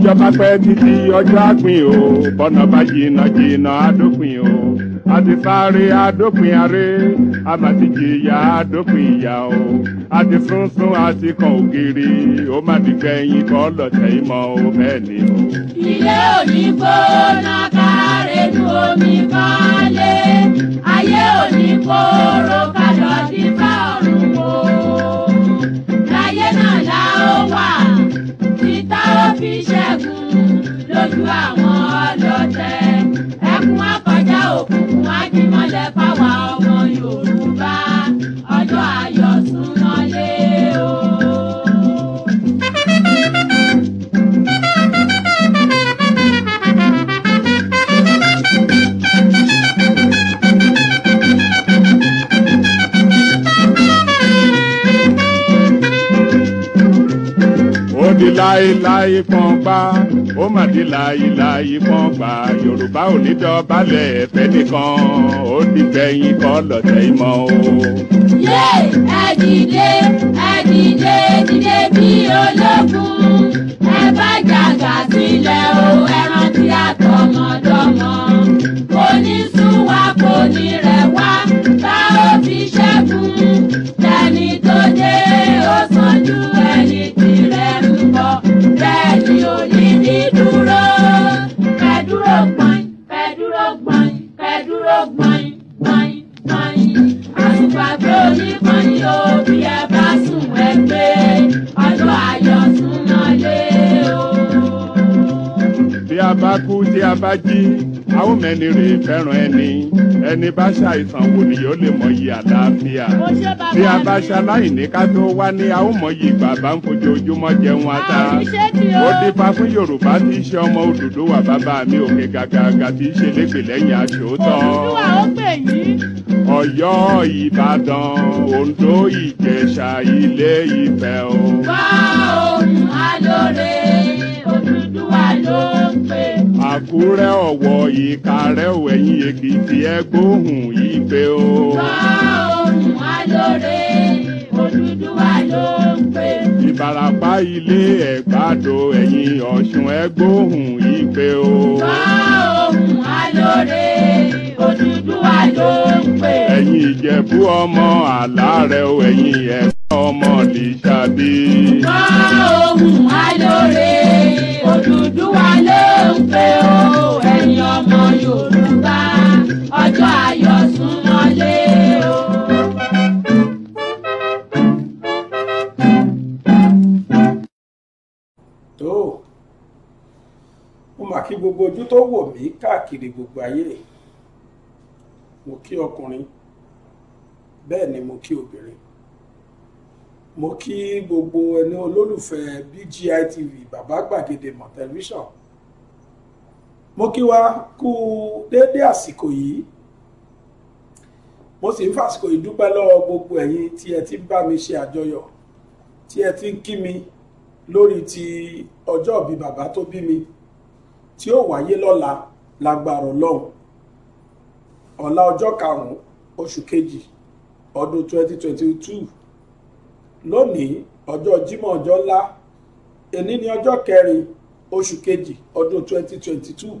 ọjọ́ bá pẹ́ títí ọjọ́ àpín o bọ́nà bá jìnnà jìnnà àdópin o àdìsáré àdópin aré àmàtìjìyà àdópin ìyà o àdìsúnsún àtikàn ògiri ó má dìgbẹ̀yìn kọ́ lọ́tẹ̀ ìmọ̀ o bẹ́ẹ̀ ni o. ilé òní gbóná kárẹ́ nu omi balẹ̀ ayé òní kóró kálọ̀ dípá ọ̀run o láyé náà la ó wà títà ó fi ṣe lójú àwọn ọlọ́tẹ̀ ẹkún akọjá òkùnkùn ajímọ́lẹ̀ fáwa ọ̀hún. láéláé pọ́npá ó mà di láéláé pọ́npá yorùbá ò ní dọ̀bálẹ̀ ẹ̀fẹ́ nìkan ó di gbẹ̀yìn kọ́ lọ́tẹ̀ ìmọ̀ o. yé àdìdé àdìdé dìde bí ológun ẹ bá jàgà sílẹ̀ o ẹ rántí àtọmọdọ́mọ kò ní sún wa kò ní rẹ̀ wá bá òbí ṣẹ́gun tẹni tó dé ó sàn ẹ. bá jí a ó mẹ́ni rè fẹ́ràn ẹni ẹni bá ṣàìsàn wò ni yóò lè mọyì àlàáfíà bí a bá ṣaláìní ká tó wá ní a ó mọyì bàbá ń fojoojúmọ́ jẹun ata ó dípa fún Yorùbá tí í ṣe ọmọ Odùduwà bàbá mi òkè gàgàgà tí í ṣe lẹ́gbẹ̀ẹ́ lẹ́yìn aṣòótọ́ Ọ̀yọ́ Ìbàdàn Oǹdó Ìjẹ̀ṣà Ilé Ifẹ̀ o. wá ohun alóore Odùduwà lóore àkúrẹ́ ọ̀wọ́ ìkàrẹ́ òwẹ̀yìn èkìtì ẹgbóhùn ìpè o. bá ohùn alóore Odùduwà ló ń pè. ìbàràpá ilé ẹ̀gbádò ẹ̀yìn ọ̀ṣun ẹgbóhùn ìpè o. bá ohùn alóore Odùduwà ló ń pè. ẹ̀yin ìjẹ̀bú ọmọ àlárẹ̀ o ẹ̀yin ẹ̀fọ́ ọmọ lè ṣàbí. bá ohùn alóore ń pé ó ẹ̀yin ọmọ Yorùbá ọjọ́ ayọ̀ súnmọ́lé o. tó mo mà kí gbogbo ojú tó wò mí káàkiri gbogbo ayé mo kí ọkùnrin bẹ́ẹ̀ ni mo kí obìnrin mo kí gbogbo ẹni olólùfẹ́ BGI TV bàbá gbàgede mọ̀ tẹlifíṣàn mo kí wa kú déédéé àsìkò yìí mo sì ń fàsìkò yìí dúpẹ́ lọ́wọ́ gbogbo ẹ̀yin tí ẹ ti ń bá mi ṣe àjọyọ̀ tí ẹ ti ń kí mi lórí ti ọjọ́ ìbí bàbá tó bí mi tí ó wáyé lọ́la lágbára Ọlọ́run ọ̀la ọjọ́ karùn-ún oṣù kejì ọdún 2022 lónìí ọjọ́ Jímọ̀ ọjọ́ ńlá èní ni ọjọ́ kẹrin oṣù kejì ọdún 2022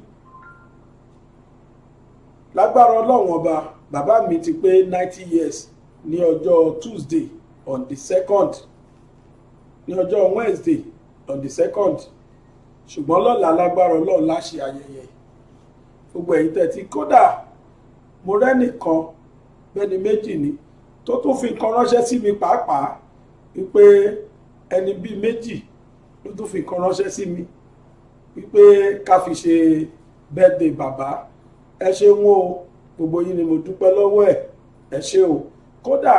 lágbára ọlọ́run ọba bàbá mi ti pé 90 years ní ọjọ́ Tuesday on the second ní ọjọ́ Wednesday on the second ṣùgbọ́n lọ́la lágbára ọlọ́run láṣẹ ayẹyẹ gbogbo ẹ̀yin tẹ̀tí kódà mo rẹ́nìkan bẹ́ni méjì ni tó tún fi nǹkan ránṣẹ́ sí mi pàápàá wípé ẹni bíi méjì ló tún fi nǹkan ránṣẹ́ sí mi. Si wípé ká fi ṣe birthday bàbá ẹ ṣeun o gbogbo yín ni mo dúpẹ́ lọ́wọ́ ẹ̀ ẹ ṣe o kódà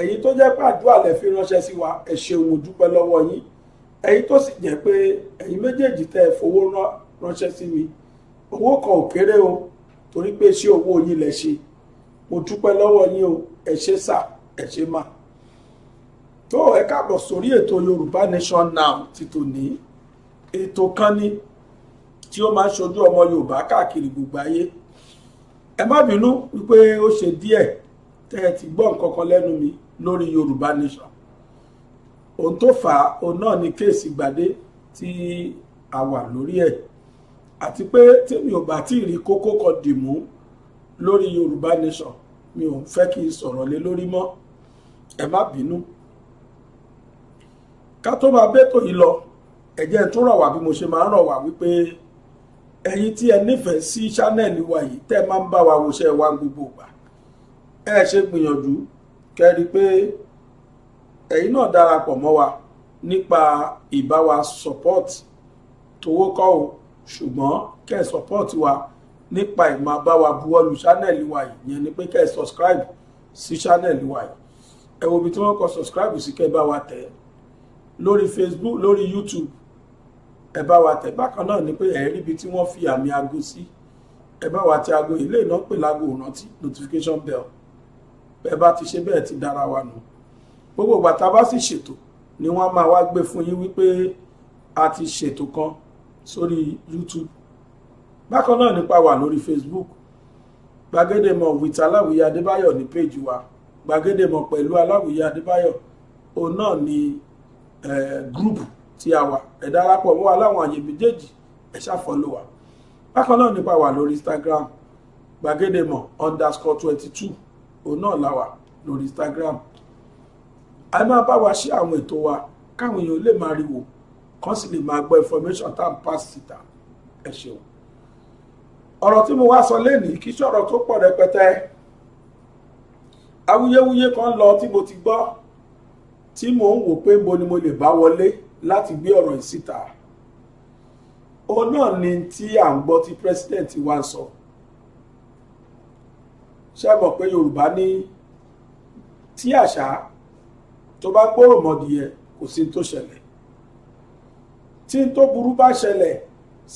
ẹ̀yin tó jẹ́ pé àdúrà lẹ fi ránṣẹ́ sí wa ẹ ṣeun mo dúpẹ́ lọ́wọ́ yín ẹ̀yin tó sì jẹ́ pé ẹ̀yin méjèèjì tẹ́ ẹ fowó ránṣẹ́ sí mi owó kan ò kéré o torí pé ṣé owó yín lẹ ṣe mo dúpẹ́ lọ́wọ́ yín o ẹ ṣe sà ẹ ṣe mà tó ẹ káàbọ̀ sórí ètò Yorùbá Nation Now ti tòní ètò kan ni tí ó máa ń ṣojú ọmọ Yorùbá káàkiri gbogbo ayé ẹ má bínú wípé ó ṣe díẹ̀ tẹ́ ẹ ti gbọ́ nǹkan kan lẹ́nu mi lórí Yorùbá Nation ohun tó fà á òun náà ni kéèsì gbàdé tí a wà lórí ẹ̀ àti pé tèmi ò bá tí ì rí kókó kan dì mú lórí Yorùbá Nation mi ò fẹ́ kí n sọ̀rọ̀ lé lórí mọ́ ẹ má bínú ká tó máa bẹ́tò yìí lọ ẹ jẹ́ tún rọ̀ wá bí mo ṣe máa ń rọ̀ wá wípé ẹ̀yin tí ẹ nífẹ̀ẹ́ sí ṣánẹ́ẹ̀lì wa yìí tẹ́ máa ń bá wa wòṣẹ́ wa gbogbo ìgbà ẹ ṣe gbìyànjú kẹ́rí pé ẹ̀yin náà darapọ̀ mọ́ wa nípa ìbáwa support tówó kọ́ o ṣùgbọ́n kẹ́ support wa nípa ìmọ̀ báwa buwọ́lu ṣánẹ́ẹ̀lì wa yìí yẹn ni pé kẹ́ subscribe sí ṣánẹ́ẹ̀lì wa yìí ẹ wo ibi tí wọ́n kọ subscribe sí kẹ́ ẹ bá wa tẹ̀ lórí Facebook lórí YouTube ẹ bá wa tẹ̀ bákan náà ni pé ẹ rí ibi tí wọ́n fi àmì aago sí ẹ bá wa tẹ aago ilé iná pè láago ìrántí notification bell ẹ bá ti ṣe bẹ́ẹ̀ ti dára wa nù gbogbo ìgbà tá a bá sì ṣètò ni wọ́n máa wá gbé fún yín wípé a ti ṣètò kan sórí YouTube bákan náà nípa wà lórí Facebook gbàgédèmọ̀ with aláwìyé adébáyọ̀ ní péjì wa gbàgédèmọ̀ pẹ̀lú aláwìyé adébáyọ̀ òun náà ni eh, gúrùpù tí a wà ẹ darapọ̀ mọ́ wa láwọn àyè méjèèjì ẹ ṣàfọlọ́ wa bákan náà nípa wà lórí Instagram gbàgede underscore twenty two òun náà la wà lórí Instagram a máa bá wa ṣe àwọn ètò wa káwọn èèyàn lè máa rí wò kán sì lè máa gbọ́ information tá à ń pass síta ẹ ṣeun ọ̀rọ̀ tí mo wá sọ lénìí kì í ṣọ̀rọ̀ tó pọ̀ rẹpẹtẹ awuyewuye kan lọ tí mo ti gbọ́ tí mò ń wò pé mo ni mo lè bá wọlé láti gbé ọ̀rọ̀ yìí síta òun náà ni tí à ń gbọ́ tí president wa sọ ṣe mọ̀ pé Yorùbá ní tí àṣà tó bá gbòòrò mọ̀dìyẹ kò sí tó ṣẹlẹ̀ tí n tó burú bá ṣẹlẹ̀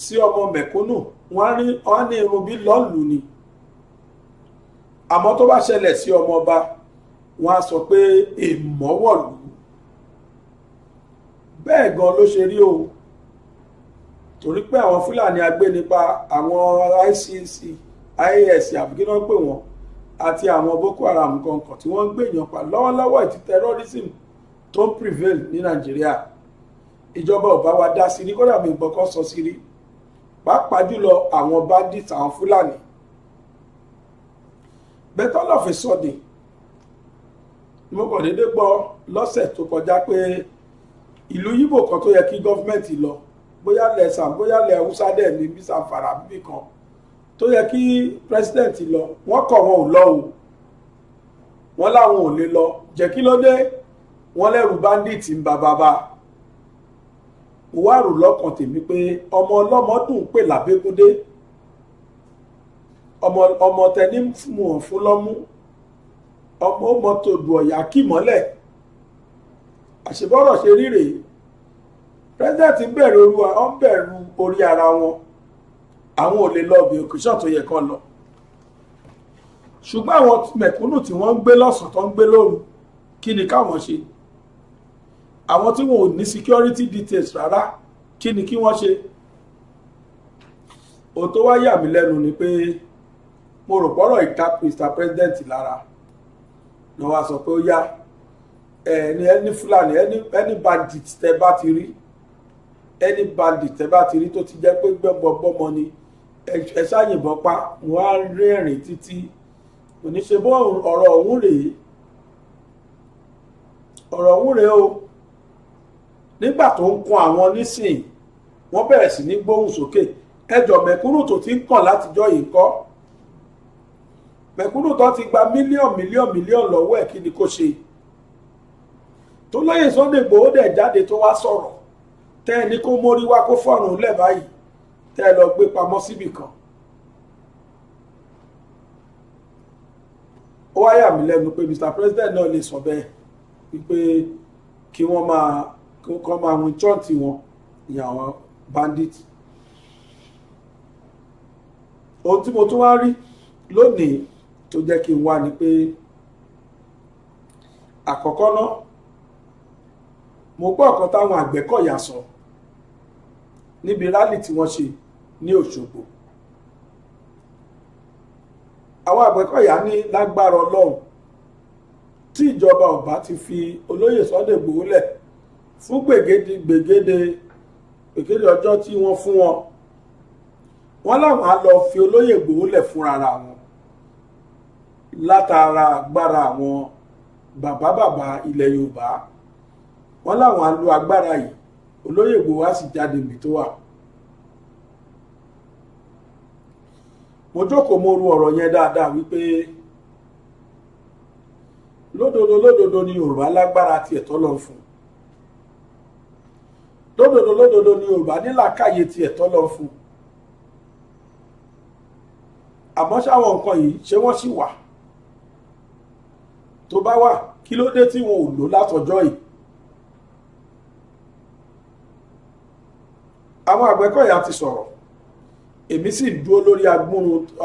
sí ọmọ mẹ̀kúnnù wọ́n á ní irun bí lọ́ọ̀lù ni àmọ́ tó bá ṣẹlẹ̀ sí ọmọ ọba wọ́n á sọ pé èèmọ̀ wọ̀lú bẹ́ẹ̀ gan ló ṣe rí o torí pé àwọn fúlàní agbénipa àwọn ICC IAS àbíkínà pè wọ́n àti àwọn boko haram kọ̀ọ̀kan tí wọ́n ń gbèyàn pa lọ́wọ́lọ́wọ́ ìtì terrorism tó ń prevail ní nàìjíríà ìjọba ò bá wa dá sí ní kódà mi gbọ́kọ́ sọ sí rí pàápàá jùlọ àwọn bandits àwọn fúlàní bẹ́tọ́lọ́fẹ́ sọ̀dìn mo kàn déédéé gbọ́ lọ́sẹ̀ tó kọjá pé ìlú yíbò kan tó yẹ kí gọ́fìmẹ̀ntì lọ bóyá lẹ̀ sàn bóyá lẹ̀ húsá dẹ̀ ní bí sàǹfàrà bíbí kan tó yẹ kí pírẹsidẹ̀ntì lọ wọ́n kọ̀ wọn ò lọ o wọ́n láwọn ò lè lọ jẹ́ kí ló dé wọ́n lẹ́rù báńdíìtì ń ba bàbá mo lọ́kàn tèmi pé ọmọ ọlọ́mọ dùn pè lábẹ́kúndé ọmọ ọmọ tẹni mú fún lọ́mú ọmọ ó mọ tòdù ọ̀yà kì mọ́lẹ̀ àṣebọ́rọ̀ ṣe rí rèé pírẹ́sidẹ́ǹtì ń bẹ̀rù olúwa ó ń bẹ̀rù orí ara wọn àwọn ò lè lọ bí òkúṣàn tó yẹ kán lọ ṣùgbọ́n àwọn mẹ̀kúnnù tí wọ́n ń gbé lọ́sàn tó ń gbé lóru kí ni káwọn ṣe àwọn tí wọn ò ní security details rárá kí ni kí wọ́n ṣe ohun tó wá yà mí lẹ́nu ni pé mo rò pọ́rọ̀ ìta Mr President lára lọ́wọ́ sọ pé ó yá ẹni ẹni fúlàní ẹni ẹni bandit tẹ bá ti rí ẹni bandit tẹ bá ti rí tó ti jẹ́ pé gbẹ́mọgbọ́mọ ni ẹ ṣàyìnbọn pa wọn á rẹ́rìn títí kò ní ṣe bọ́ ọ̀rọ̀ ọ̀hún rèé ọ̀rọ̀ ọ̀hún rèé o nígbà tó ń kun àwọn nísìn wọ́n bẹ̀rẹ̀ sí ní gbóhùn sókè ẹjọ́ mẹ̀kúnnù tó ti ń kàn látijọ́ yìí kọ́ mẹ̀kúnnù tó ti gba mílíọ̀n mílíọ̀n mílíọ̀n lọ́wọ́ ẹ̀ kí ni kò ṣe tó lóye Sunday Igboho dẹ̀ jáde tó wá sọ̀rọ̀ tẹ́ ẹ ní kó mórí wá kó fọ̀rùn lẹ̀ báyìí tẹ́ ẹ lọ gbé pamọ́ síbì kan. ó wá yà mí pé Mr President náà lè sọ bẹ́ẹ̀ wípé kí wọ́n máa kọ́ máa hun chọ́ọ̀tì wọn ní bandit. ohun tí mo tún wá rí lónìí tó jẹ́ kí n wá ni pé àkọ́kọ́ náà mo gbọ́ ọ̀kan táwọn àgbẹ̀kọ̀yà sọ níbi rálì tí wọ́n ṣe ní Òṣogbo àwọn àgbẹ̀kọ̀yà ní lágbára Ọlọ́run tí ìjọba ọba ti fi olóyè Sunday Igboho lẹ̀ fún gbègede gbègede gbègede ọjọ́ tí wọ́n fún wọn wọ́n láwọn á lọ fi olóyè Igboho fúnra wọn látara agbára àwọn bàbá bàbá ilẹ̀ Yorùbá wọ́n láwọn á lo agbára yìí olóyè Ìgbòho á sì jáde ibi tó wà. mo jókòó mo ru ọ̀rọ̀ yẹn dáadáa wípé lódodo lódodo ni Yorùbá lágbára tiẹ̀ tọ́ lọ fún lódodo lódodo ni Yorùbá nílàkàyè tiẹ̀ tọ́ lọ fún àmọ́ ṣáwọn nǹkan yìí ṣé wọ́n sì wà tó bá wà kí ló dé tí wọn ò lò látọjọ́ yìí àwọn Àgbẹ̀kọ̀yà ti sọ̀rọ̀ èmi sì dúró lórí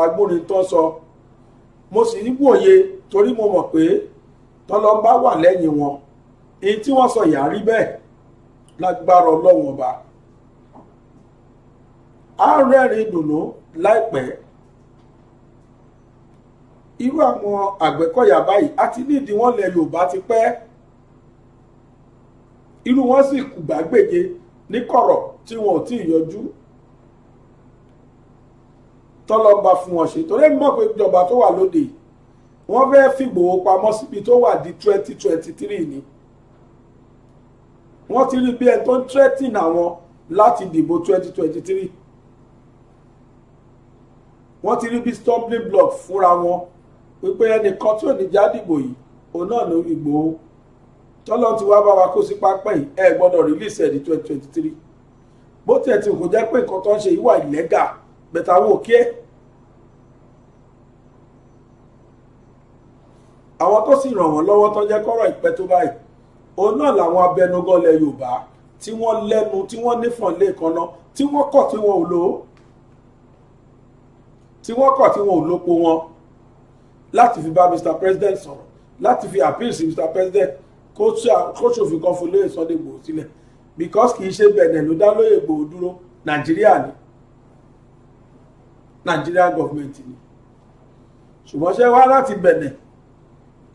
agbórin tó sọ mo sì ń wòye torí mo mọ̀ pé tọ́lọ́mbá wà lẹ́yìn wọn èyí tí wọ́n sọ yà á rí bẹ́ẹ̀ lágbára ọlọ́wọ́n ọba á rẹ́rìn dùnú láìpẹ́ irú àwọn àgbẹ̀kọ̀yà báyìí a ti nídìí wọn lẹ Yorùbá ti pẹ́ irú wọn sì kù gbàgbèje ní kọ̀rọ̀ tí wọn ò tí ì yọjú tọ́lọ́ba fún wọn ṣe torí mọ̀ pé ìjọba tó wà lóde wọ́n fẹ́ fìgbòho pamọ́ síbi tó wà di twenty twenty three ni wọ́n ti rí bí ẹni tó ń threatening àwọn láti dìbò twenty twenty three wọ́n ti rí bí stumbling block fúnra wọn wípé ẹnìkan tí ò ní já dìbò yìí òun náà ló Ìgbòho tọ́lọ́ ti wá bá wa kó sí pápá yìí ẹ gbọ́dọ̀ release ẹ̀ di twenty twenty three bó tiẹ̀ ti kò jẹ́ pé nǹkan tó ń ṣe ìwà ìlẹ́gà bẹ̀tà wò kí ẹ́ àwọn tó sì ràn wọ́n lọ́wọ́ tó jẹ́ kọ́rọ̀ ìpẹ́ tó báyìí òun náà làwọn abẹnugan ilẹ̀ Yorùbá tí wọ́n lẹ́nu tí wọ́n nífọ̀n lé kan náà tí wọ́n kọ̀ tí wọn ò lò ó tí wọ́n kọ̀ tí wọn ò lópo wọn láti fi bá Mr President sọ̀rọ̀ láti fi appeal Mr President kó ṣòfin kan fún lóye Sunday Igboho sílẹ̀ because kì í ṣe Benin ló dá lóyè Ìgbòho dúró Nàìjíríà ni Nàìjíríà gọọmenti ni ṣùgbọ́n ṣe wá láti Benin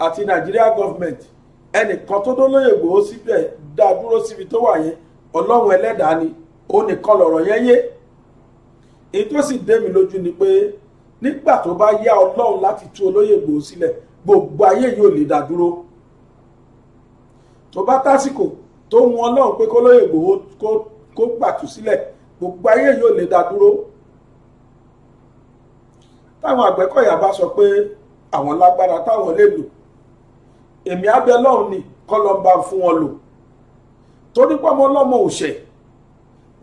àti Nàìjíríà gọọmenti ẹnìkan tó dó lóyè síbẹ̀ dá dúró síbi tó wà yẹn Ọlọ́run ẹlẹ́dàá ni ó nìkan lọ̀rọ̀ yẹn yé èyí tó ni pé nígbà tó bá yá Ọlọ́run láti tú olóyè Ìgbòho sílẹ̀ gbogbo ayé yóò lè dá dúró tó bá tásìkò tó wọn ọlọ́run pé kó lóye Ìgbòho kó gbàtú sílẹ̀ gbogbo ayé yóò lè dá dúró táwọn Àgbẹ̀kọ̀yà bá sọ pé àwọn lágbára táwọn lè lò èmi abẹ lọ́run ni kọ́lọ́ba fún wọn lò torí pọ́mọ ọlọ́mọ òṣè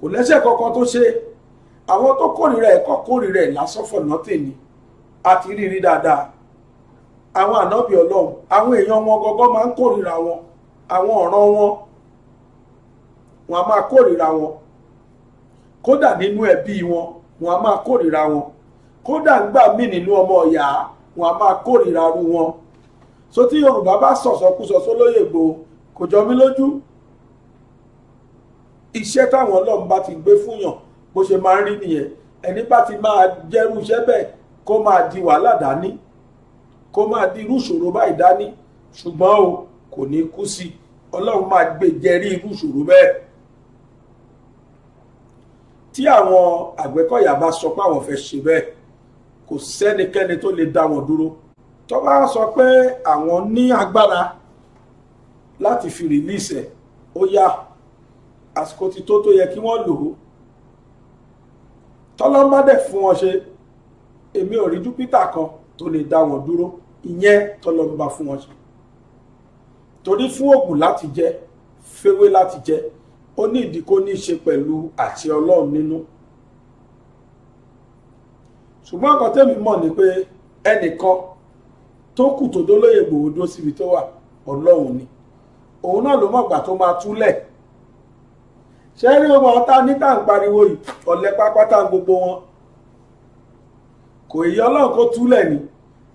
kò lẹ́sẹ̀ kankan tó ṣe àwọn tó kórìíra ẹ̀kọ́ kórìíra ẹ̀ lásán for ni àti rírí dáadáa àwọn ànábì ọlọ́run àwọn èèyàn wọn gọgọ́ máa ń kórìíra wọn àwọn ọ̀ràn wọn wọn a máa kórìíra wọn kódà nínú ẹbí wọn wọn a máa kórìíra wọn kódà ńgbà míì nínú ọmọ ìyá wọn a máa kórìíra ru wọn so tí yorùbá bá sọ̀sọ̀kúsọ sólóyè gbò kò jọ mí lójú iṣẹ́ táwọn ọlọ́run bá ti gbé fún yàn bó ṣe máa ń rí nìyẹn ẹni bá ti máa jẹ́rú iṣẹ́ bẹ́ẹ̀ kó máa di wàhálà dání kó máa di irú ìṣòro báyìí dání ṣùgbọ́n o kò ní kú sí ọlọ́run máa gbé jẹ́rí irú ìṣòro bẹ́ẹ̀ tí àwọn àgbẹ̀kọ̀yà bá sọ pé àwọn fẹ́ ṣe bẹ́ẹ̀ kò sẹ́nikẹ́ni tó lè dá wọn dúró tó bá sọ pé àwọn ní agbára láti fi rìlíìsì ẹ̀ ó yá àsìkò ti tó tó yẹ kí wọ́n lò ó tọ́lọ́mọ́dẹ̀ fún wọn ṣe èmi ò rí júpítà kan tó lè dá wọn dúró ìyẹn tọ́lọ́mọba fún wọn ṣe torí fún ògùn láti jẹ fẹ́wé láti jẹ ó ní ìdí kó ní í ṣe pẹ̀lú àti ọlọ́run nínú ṣùgbọ́n ọkọ̀ tẹ́mi mọ̀ ni pé ẹnìkan tó kù tó dólóyè gbòho dó síbi tó wà ọlọ́run ni òun náà ló mọ̀gbà tó máa túlẹ̀ ṣé rí ọmọ ọ̀tá níta ń pariwo yìí ọ̀lẹ pápátá gbogbo wọn kò yí ọlọ́run kó túlẹ̀ ni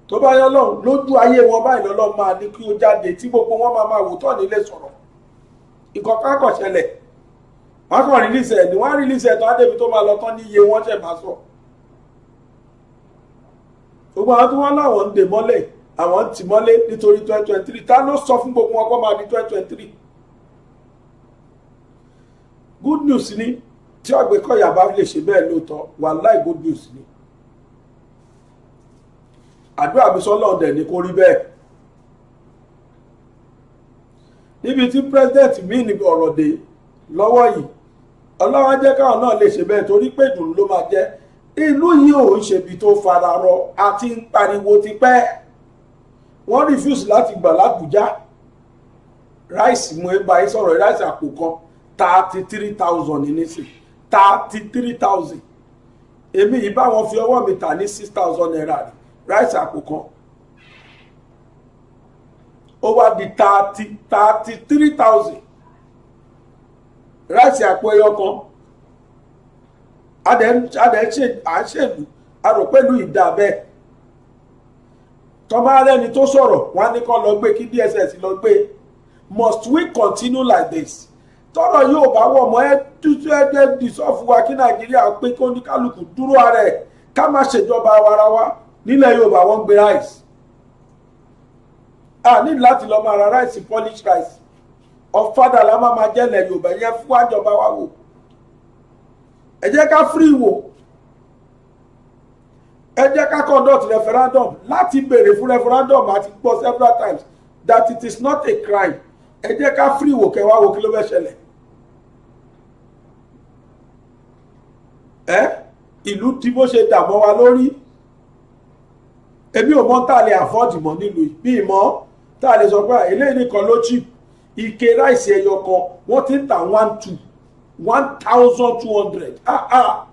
tó bá yọ ọlọ́run lójú ayé wọn báyìí lọ́lọ́run máa ní kí ó jáde tí gbogbo wọn máa máa wò tọ́ nílé sọ̀rọ̀ ìkọ̀kọ̀ àkọ̀ṣẹlẹ̀ wọ́n kàn release ẹ̀ ni wọ́n á release ẹ̀ tán á débi tó máa lọ tán ní iye wọ́n ṣẹ̀ máa sọ. gbogbo àwọn tí wọ́n láwọn ń dè mọ́lẹ̀ àwọn ti mọ́lé nítorí twenty twenty three ta ló sọ fún gbogbo wọn kó máa di twenty twenty three. good news ni tí Ọ̀gbẹ́kọ̀yà bá lè ṣe bẹ́ẹ̀ lóòótọ́ wàláì good news ni àdúrà mi sọ lọ́ọ̀dẹ̀ ni kò rí bẹ́ẹ̀ níbi tí president mi ní ọ̀rọ̀ dé lọ́wọ́ yìí ọlọ́run á jẹ́ káwọn náà lè ṣe bẹ́ẹ̀ torí pé ìdùnnú ló máa jẹ́ ìlú yìí ò ń ṣebi tó fara rọ àti ń pariwo tipẹ́ wọ́n refuse láti gbà lábújá ráìsì mo bá yín sọ̀rọ̀ ráìsì àpò kan thirty three thousand nísìn thirty three thousand èmi yìí báwọn fi ọwọ́ mi tà ní six thousand naira ráìsì àpò kan ó wá di thirty thirty three thousand rice àpò ẹyọ kan adẹ̀ ṣèlú arò pẹ̀lú ìdá bẹ́ẹ̀ tọ́ba rẹ́ni tó sọ̀rọ̀ wọn á ní kó lọ gbé kí DSS lọ gbé must we continue like this tọrọ yóò bá wọ mọ́ ẹ tútú ẹgbẹ́ dìsọ́ọ̀fù wa kí nàìjíríà pé kí oníkálukú dúró ara ẹ ká má ṣèjọba ara wa nílẹ̀ yorùbá wọ́n ń gbé rice a ní láti lọ máa ra rice polish rice ọ̀fadà la máa jẹ́ ilẹ̀ yorùbá yẹn fún àjọba wa wò ẹ jẹ́ ká free wò ẹ jẹ́ ká conduct referendum láti béèrè fún referendum àti gbọ́ several times that it is not a crime ẹ jẹ́ ká free wò kẹwàá wò kí ló fẹ́ ṣẹlẹ̀ ẹ ìlú tí bó ṣe dààmú wa lórí èmi ò mọ̀ tá a lè afford mọ́ nílùú ìbí ìmọ̀ tá a lè sọ pé ah, eléyìí nìkan ló cheap ike ráìsì ẹyọ kan wọ́n ti ń ta one two one thousand two hundred ah ah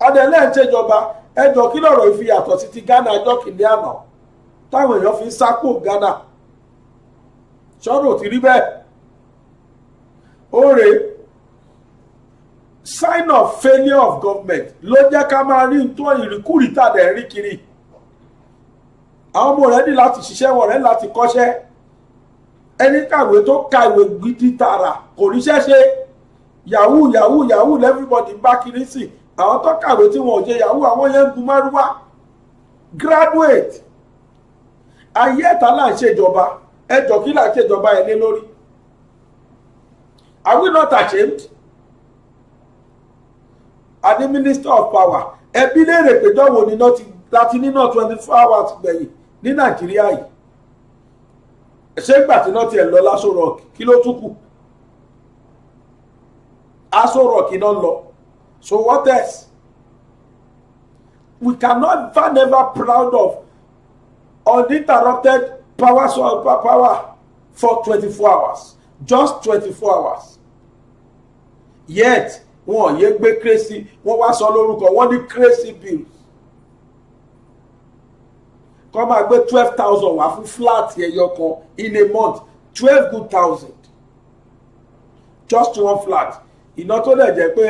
adẹ́lẹ́ ń ṣèjọba ẹjọ́ kí lọ́rọ̀ ìfi yàtọ̀ sí ti Ghana ẹjọ́ kìíní àná táwọn èèyàn fi ń sápò Ghana sọ́dọ̀ ti rí bẹ́ẹ̀ oore sign of failure of government ló jẹ́ ká máa rí tó ìrìkúrìtà dẹ̀ rí kiri àwọn ọmọ rẹ̀ ní láti ṣiṣẹ́ wọn rẹ̀ láti kọ́ṣẹ́ ẹni kàwé tó kàwé gidi tààrà kò ríṣẹ́ ṣe yahoo yahoo yahoo everybody bá kiri sí àwọn tó kàwé tí wọn ò jẹ yahoo àwọn yẹn ń gun márúwá graduate ayé ẹ̀ta là ń ṣèjọba ẹjọ́ kí là ń ṣèjọba ẹ̀ lé lórí are we not ashamed a ní minister of power ẹbí léèrè péjọ wo ni láti nínà twenty four hours gbẹ̀yìn ní nàìjíríà yìí ṣé gbà tí náà tiẹ̀ lọ láṣọ rock kí ló tún kù aṣọ rock iná lọ so what else we cannot ever never proud of uninterrupted power power power for twenty four hours just twenty four hours yet wọn ò yé gbé crazy wọn wá sọ lórúkọ wọn ní crazy bills kọ́ máa gbé twelve thousand wá fún flat ẹyọ kan in a month twelve good thousand just one flat iná tó dẹ̀ jẹ́ pé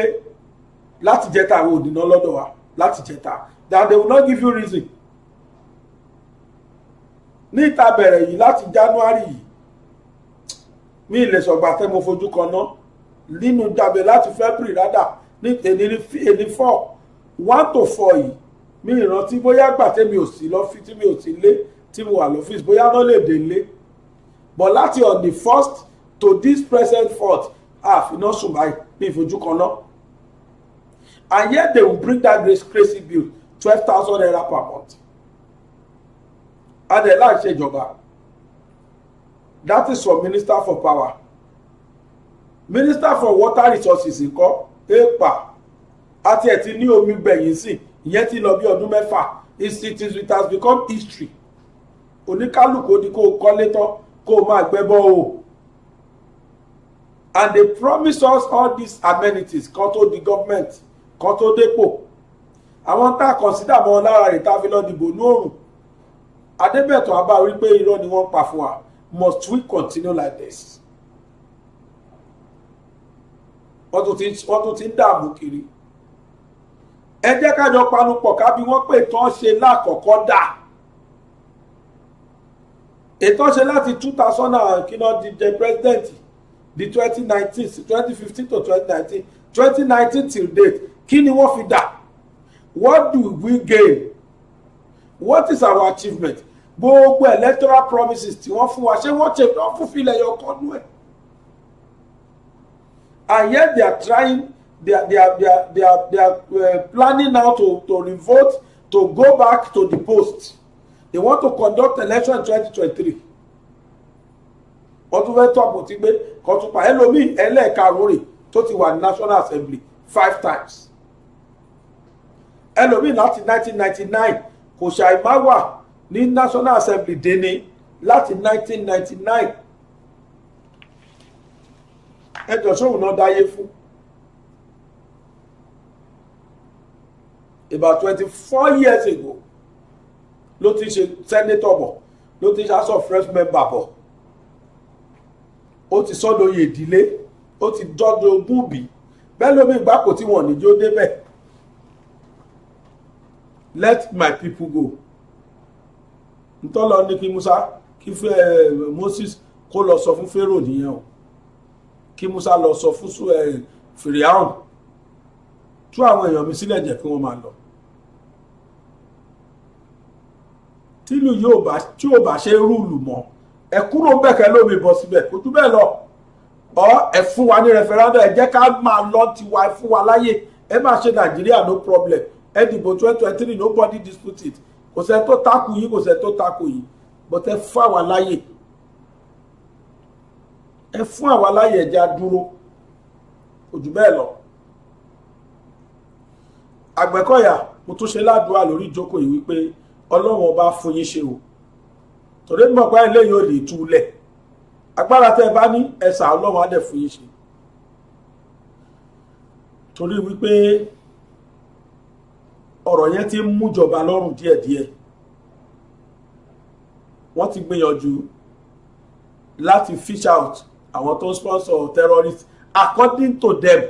láti jẹta àwọn òdìná lọ́dọ̀ wa láti jẹta that they will not give you reason ní ìta bẹ̀rẹ̀ yìí láti january yìí mi lè sọ̀gbà tẹ́ mo fojú kan ná nínú jàbẹ̀ láti february rádà ní èdè ní four one to four yìí mi ìrántí bóyá gbà tèmi ò sí lọ́fí tí mi ò sí lé tí mo wà lọ́fíìsì bóyá náà lè dé lé but láti on the first to this present fourth àfiná sùn báyìí ní ìfojú kan náà and yet they will bring that grace crazy bill twelve thousand naira per month and adé láì ṣèjọba that is for minister for power minister for water resources ńkọ́ epa àti ẹ̀ ti ní omi gbẹ̀yìn sí i ìyẹn ti lọ bí ọdún mẹ́fà it is it has become history oníkálukú ó di kó o kọ́ létọ́ kó o máa gbẹ́bọ́ o and they promise us all these amenities kan tó di government kan tó dépò àwọn tá a consider mọ́ lára rẹ̀ tá a fi lọ dìbò ní òrùn adébẹ̀tọ̀ abá wí pé irọ́ ni wọ́n pa fún wa must we continue like this wọ́n tún ti ń dààmú kiri ẹ jẹ́ kájọ panupọ̀ kábí wọ́n pè tán ṣe lákọ̀ọ́kọ́ dà ètò ṣe láti two thousand and kìnnà dìde president di twenty nineteen twenty fifteen to twenty nineteen twenty nineteen till date kí ni wọ́n fi dà what do we gain what is our achievement gbogbo electoral promises tí wọ́n fún wa ṣé wọ́n ṣe wọ́n fún filẹ̀ yọ nú ẹ̀ and yet they are trying they are they are they are they are, they are uh, planning now to to revolt to go back to the post they want to conduct election in twenty twenty three wọ́n tún fẹ́ tọ́pù tí gbé kan tún pa ẹlòmíì ẹlẹ́ẹ̀karùn-ún tó ti wà ní national assembly five times ẹlòmíì láti nineteen ninety nine kò ṣàì má wà ní national assembly dèní láti nineteen ninety nine ẹjọ́ sóhùn náà dáyé fún about twenty four years ago ló ti ṣe sẹ́nétọ̀ bọ̀ ló ti ṣe house of rep member bọ̀ ó ti sọ́dọ̀yè ìdílé ó ti dọ́dọ̀ gúnbì bẹ́ẹ̀ lómi ìgbàpò tí wọ́n níjó débẹ̀ let my people go ntọ́lọ ní kí Musa kí fẹ́ eh, Moses kó lọ sọ fún Pharaoh nìyẹn o kí Musa lọ sọ fún eh, Fìrìhàn. So, tú àwọn èèyàn mi sílẹ̀ jẹ́ kí wọ́n máa lọ. tílù yóò bá tí yóò bá ṣe rúùlù mọ́ ẹ kúrò ń bẹ̀kẹ́ lómi bọ̀ síbẹ̀ kò jù bẹ́ẹ̀ lọ ọ ẹ fún wa ní rẹfẹrẹndà ẹ jẹ́ ká máa lọ tiwa ẹ fún wa láyè ẹ máa ṣe nàìjíríà no problem ẹ dìbò twenty twenty three nobody dispute it kò sẹ́ tó takò yìí kò sẹ́ tó takò yìí but ẹ fún àwa láyè ẹ fún àwa láyè ẹ já dúró kò jù bẹ́ẹ̀ lọ àgbẹ̀kọ̀yà mo tún ṣe ládùúrà lórí ìjókòó yìí wípé ọlọ́run ọba fún yín ṣe o torí mọ̀ pé eléyìí ò lè tú lẹ̀ agbára tẹ́ ẹ bá ní ẹ̀sà ọlọ́run á dẹ̀ fún yín ṣe torí wípé ọ̀rọ̀ yẹn ti ń mújọba lọ́rùn díẹ̀díẹ̀ wọ́n ti gbìyànjú láti fish out àwọn tó ń sponsor terrorists according to them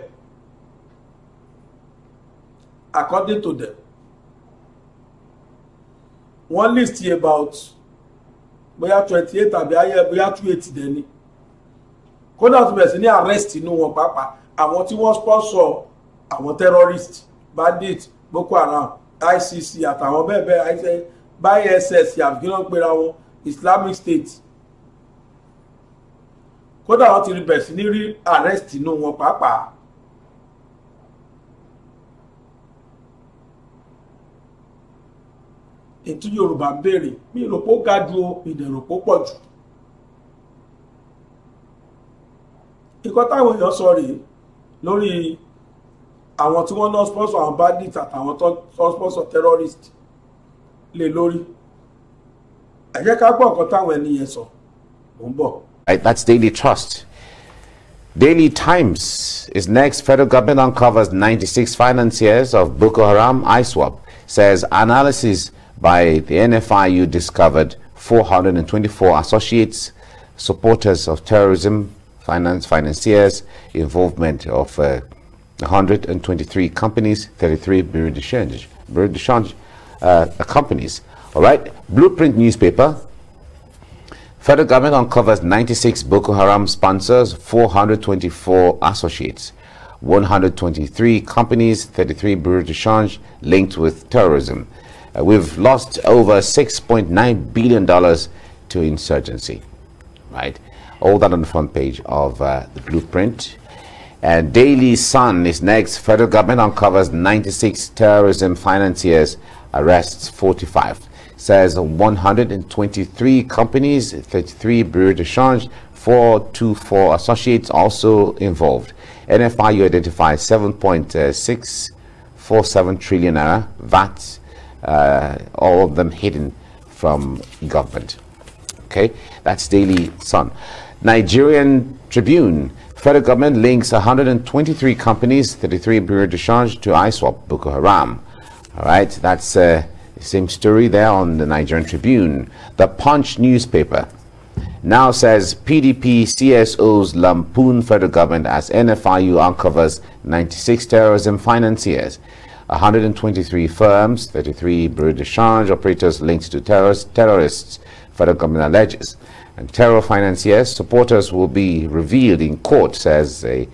according to them one list about bóyá twenty eight àbí ayé bóyá two eighty dẹ̀ ni kódà tó bẹ̀rẹ̀ sí ní arrest inú wọn pàápàá àwọn tí wọ́n sponsor àwọn terrorist bandit boko haram icc àtàwọn bẹ́ẹ̀ bẹ́ẹ̀ báyìí ss àbíkínà pera wọn islamic state kódà wọ́n ti bẹ̀rẹ̀ sí ní rí arrest inú wọn pàápàá ètí yorùbá ń béèrè mi rò pé ó ga ju ìdẹ̀rù pó jù. ìkọ́ táwọn èèyàn sọ rèé lórí àwọn tí wọ́n náà sponsor àwọn bandit àtàwọn tó sponsor terrorist lé lórí ẹ jẹ́ ká gbọ́ nǹkan táwọn ẹni yẹn sọ mò ń bọ̀. That's Daily Trust. Daily Times is next. Federal government uncovers 96 financiers of Boko Haram ISWAP, says analysis by the NFI, discovered 424 associates, supporters of terrorism, finance financiers, involvement of uh, 123 companies, 33 bureau de change, bureau de uh, companies. All right, Blueprint newspaper. Federal government uncovers 96 Boko Haram sponsors, 424 associates, 123 companies, 33 bureau de change linked with terrorism. Uh, we've lost over $6.9 billion to insurgency, right? All that on the front page of uh, the blueprint. And Daily Sun is next. Federal government uncovers 96 terrorism financiers, arrests 45. Says 123 companies, 33 Bureau de Change, 424 associates also involved. NFIU identifies 7.647 uh, trillion naira, VAT uh, all of them hidden from government. Okay, that's Daily Sun. Nigerian Tribune. Federal government links 123 companies, 33 Imperial Discharge to ISWAP, Boko Haram. All right, that's uh, the same story there on the Nigerian Tribune. The Punch newspaper now says PDP CSOs lampoon federal government as NFIU uncovers 96 terrorism financiers. 123 firms, 33 bureau de change operators linked to terrorist, terrorists, federal government alleges. And terror financiers, supporters will be revealed in court, says a,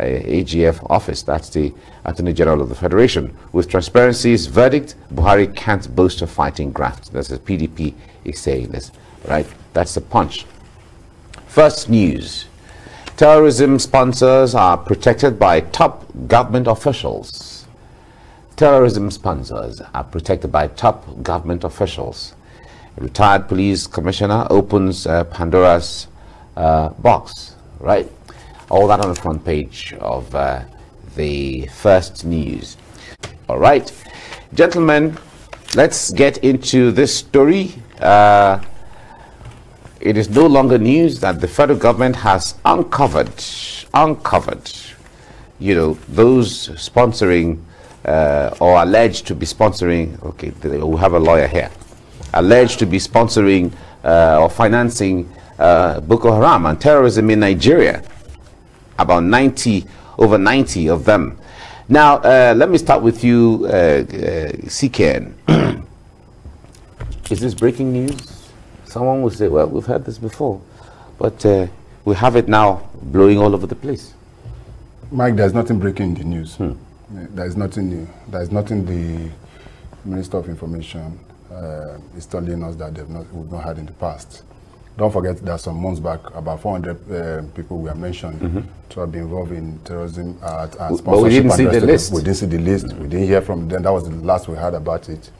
a AGF office. That's the Attorney General of the Federation. With transparency's verdict, Buhari can't boast of fighting graft. That's the PDP is saying this, right? That's the punch. First news. Terrorism sponsors are protected by top government officials terrorism sponsors are protected by top government officials. A retired police commissioner opens uh, Pandora's uh, box, right? All that on the front page of uh, the first news. All right, gentlemen, let's get into this story. Uh, it is no longer news that the federal government has uncovered, uncovered, you know, those sponsoring uh, or alleged to be sponsoring, okay, we have a lawyer here, alleged to be sponsoring uh, or financing uh, Boko Haram and terrorism in Nigeria. About 90, over 90 of them. Now, uh, let me start with you, uh, uh CKN. Is this breaking news? Someone will say, well, we've heard this before, but uh, we have it now blowing all over the place. Mike, there's nothing breaking in the news. Hmm. There is nothing new. There is nothing the Minister of Information uh, is telling us that they've not, we've not had in the past. Don't forget that some months back, about 400 uh, people were mentioned mm -hmm. to have been involved in terrorism at, at sponsorship. But we didn't see the list. We didn't see the list. Mm -hmm. We didn't hear from them. That was the last we heard about it.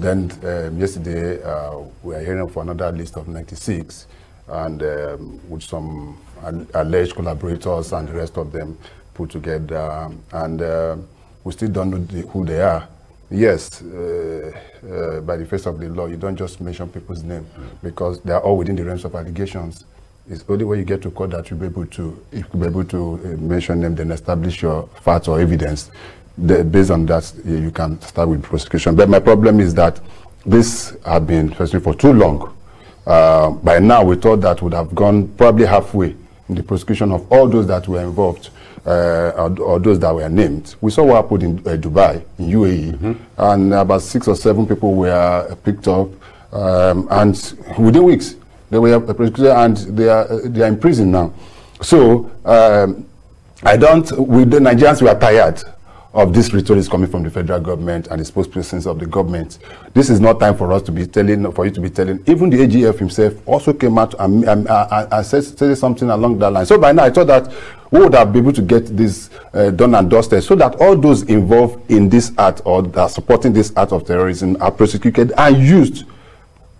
Then um, yesterday, uh, we are hearing for another list of 96, and um, with some alleged collaborators and the rest of them put together, and uh, we still don't know the, who they are. Yes, uh, uh, by the face of the law, you don't just mention people's name because they are all within the realms of allegations. It's only when you get to court that you'll be able to, you'll be able to uh, mention them, then establish your facts or evidence. The, based on that, you can start with prosecution. But my problem is that this has been pursued for too long. Uh, by now, we thought that would have gone probably halfway in the prosecution of all those that were involved uh, or, or, those that were named. We saw what happened in uh, Dubai, in UAE, mm -hmm. and about six or seven people were uh, picked up, um, and within weeks they were prosecuted and they are uh, they are in prison now. So um, I don't. We the Nigerians were tired of this return is coming from the federal government and the spokespersons of the government. This is not time for us to be telling, for you to be telling. Even the AGF himself also came out and, and, and, and said, said something along that line. So by now, I thought that we would have been able to get this uh, done and dusted so that all those involved in this act or that are supporting this act of terrorism are prosecuted and used.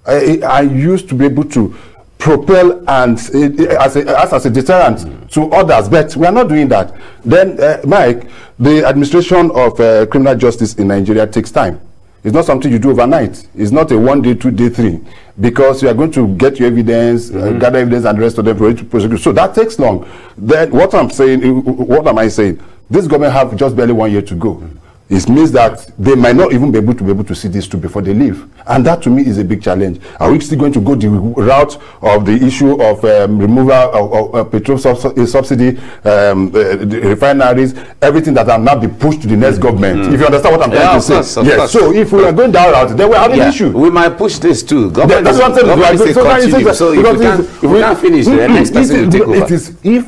I, uh, I used to be able to propel and uh, as, a, as as a deterrent mm. to others but we are not doing that then uh, mike the administration of uh, criminal justice in nigeria takes time it's not something you do overnight it's not a one day two day three because you are going to get your evidence mm -hmm. uh, gather evidence and the rest of them for you to prosecute so that takes long then what i'm saying what am i saying this government have just barely one year to go mm It means that they might not even be able to be able to see these two before they leave. And that to me is a big challenge. Are we still going to go the route of the issue of um, removal of, of uh, petrol sub uh, subsidy, um, uh, refineries, everything that are now be pushed to the next mm government? Mm If you understand what I'm yeah, trying to course, say. yes. So if we are going that route, then we have yeah. an issue. We might push this too. Government that's what I'm saying. Government is so, continue. so if we can't, if we can't finish, mm the next person will take over. It is if,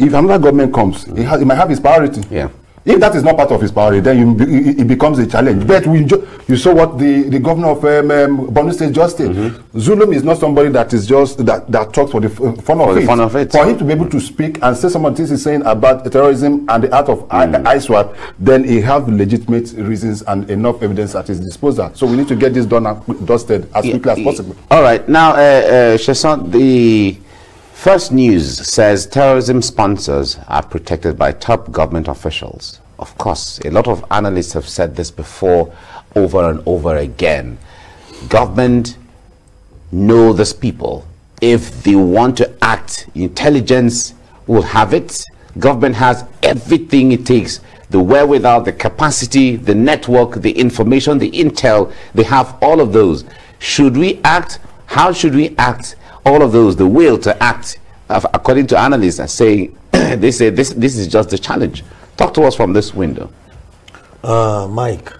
if another government comes, it, has, it might have its priority. Yeah. If that is not part of his power, then it becomes a challenge. But we you saw what the, the governor of um, um, Borno State just Mm -hmm. Zulum is not somebody that is just that, that talks for the uh, fun of, it. fun of it. For him to be able to speak and say some of things he's saying about terrorism and the art of mm. ISWAT, then he have legitimate reasons and enough evidence at his disposal. So we need to get this done and dusted as yeah, quickly as possible. All right. Now, uh, uh the First News says terrorism sponsors are protected by top government officials. Of course, a lot of analysts have said this before over and over again. Government know these people. If they want to act, intelligence will have it. Government has everything it takes, the wherewithal, the capacity, the network, the information, the intel. They have all of those. Should we act? How should we act? all of those, the will to act, according to analysts, are saying they say this, this is just the challenge. Talk to us from this window. Uh, Mike,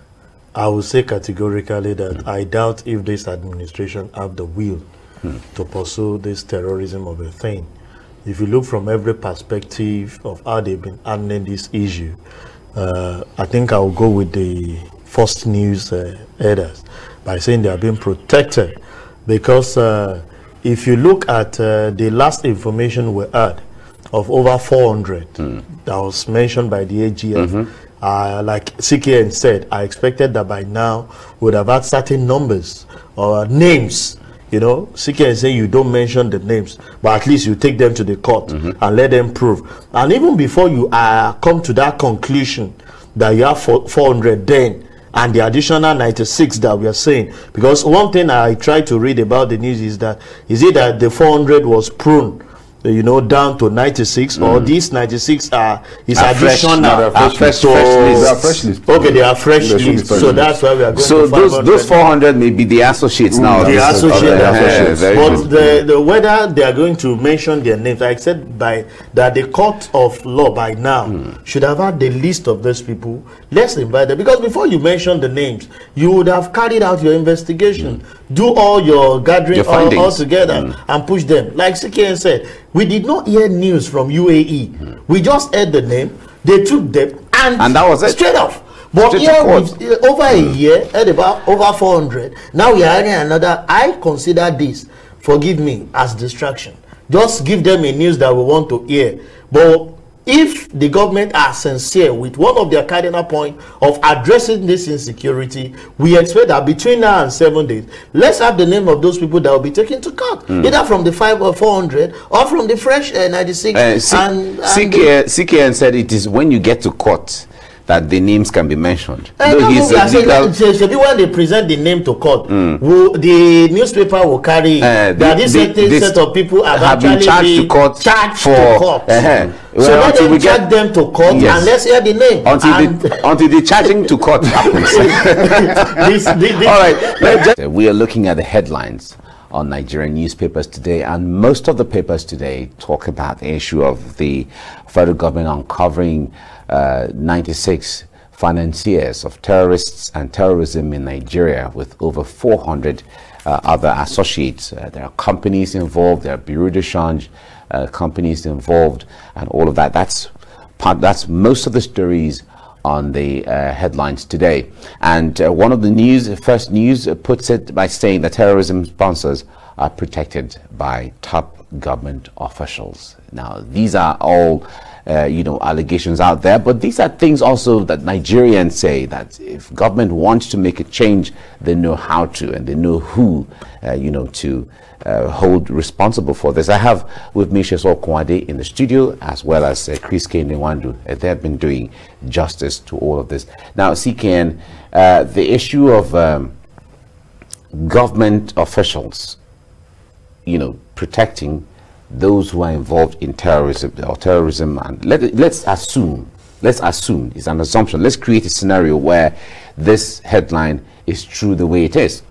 I would say categorically that I doubt if this administration have the will hmm. to pursue this terrorism of a thing. If you look from every perspective of how they've been handling this issue, uh, I think I'll go with the first news uh, headers by saying they are being protected because uh, if you look at uh, the last information we had of over 400 mm. that was mentioned by the AGF, mm -hmm. uh, like CKN said, I expected that by now would have had certain numbers or names. You know, CKN saying you don't mention the names, but at least you take them to the court mm -hmm. and let them prove. And even before you uh, come to that conclusion that you have 400, then and the additional 96 that we are saying because one thing i try to read about the news is that is it that the 400 was pruned Eh, you know, down to 96, mm. or these 96 are is additional. Fresh, fresh, fresh, so fresh, fresh list. Okay, they are fresh list. list. So that's why we are going. So those those 400 may be the associates mm. now. The associates, Yeah, but the, the whether they are going to mention their names, I said by that the court of law by now mm. should have had the list of those people. Let's invite them because before you mention the names, you would have carried out your investigation. Hmm do all your gathering all, all, together mm. and push them. Like CKN said, we did not hear news from UAE. Mm. We just heard the name. They took them and, and that was it. straight off. But straight here, eh, over mm. a year, at about over 400. Now we are adding another. I consider this, forgive me, as distraction. Just give them a news that we want to hear. But if the government are sincere with one of their cardinal point of addressing this insecurity, we expect that between now and seven days, let's have the name of those people that will be taken to court, mm. either from the five or four hundred or from the fresh uh, ninety six. Uh, eh, C- and, and CKN, CKN said it is when you get to court that the names can be mentioned. I Though he's a legal... Say, say, when they present the name to court, mm. will, the newspaper will carry uh, that this, the, this set of people have, have been charged to court charged for. To court. Uh eh, -huh. Eh, well, so let them we charge them to court yes. and let's hear the name. Until, and... the, until the charging to court happens. this, this, this. All right. Just... We are looking at the headlines on Nigerian newspapers today, and most of the papers today talk about the issue of the federal government uncovering uh, 96 financiers of terrorists and terrorism in Nigeria with over 400 uh, other associates. Uh, there are companies involved, there are bureau de change uh, companies involved, and all of that. That's, part, that's most of the stories on the uh, headlines today. And uh, one of the news, first news puts it by saying that terrorism sponsors are protected by top government officials. Now, these are all uh, you know, allegations out there. But these are things also that Nigerians say that if government wants to make a change, they know how to and they know who, uh, you know, to uh, hold responsible for this. I have with me Shesol Kwade in the studio as well as uh, Chris K. Nwandu. Uh, they have been doing justice to all of this. Now, CKN, the issue of um, government officials, you know, protecting those who are involved in terrorism or uh, terrorism and let, let's assume let's assume it's an assumption let's create a scenario where this headline is true the way it is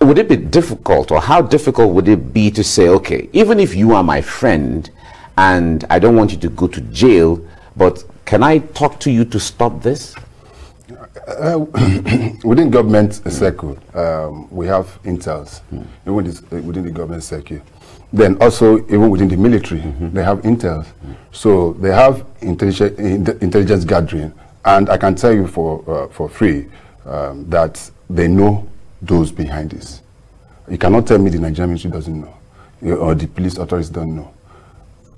would it be difficult or how difficult would it be to say okay even if you are my friend and i don't want you to go to jail but can i talk to you to stop this uh, within government mm. circle um, we have intels mm. this, uh, within the government circle then also, even within the military, mm -hmm. they have intel. Mm -hmm. So they have intelligence, intelligence gathering. And I can tell you for, uh, for free um, that they know those behind this. You cannot tell me the Nigerian military doesn't know or the police authorities don't know.